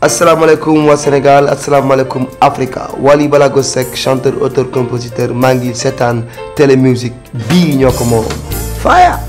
asalaamaaleykum waa Sénégal asalaamaaleykum Africa Wally Balago Seck chanteur auteur compositeur maa ngi seetaan télémusique bii ñoo ko moom faya